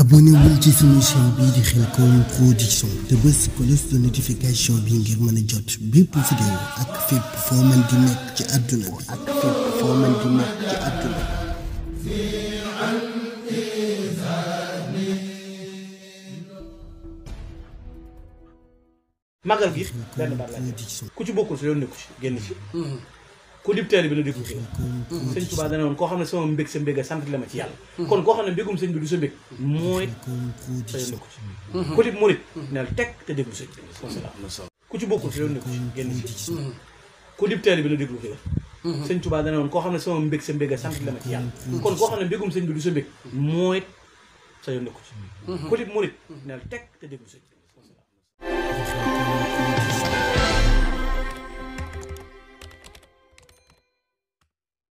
abonné wul ci suñu chaîne bii di Khelcom production te bés cloche de notification bi ngir mën a jot ak fépp foo di nekk ci àdduna bi ak fépp foo di nekk ci àdduna bi magal gi benn baat la ku dib teer bi na déglu xéewal sëñ Tuubaa dana woon koo xam ne sama mbég sa mbég a sant la ma ci yàlla kon koo xam ne mbégum sëñ bi du sa mbég mooy sa yoon ne ko ci ku dib murit neel teg te déglu sëñ bi ku ci bokkul sa yoon ne ko ci génn ci ku dib teer bi na déglu xéewal mhm. sëñ Tuubaa dana woon koo xam ne sama mbég sa mbég a sant la ma ci yàlla mhm. kon koo xam ne mbégum sëñ bi du sa mbég mooy sa yoon ne ko ci ku dib murit neel teg te déglu sëñ bi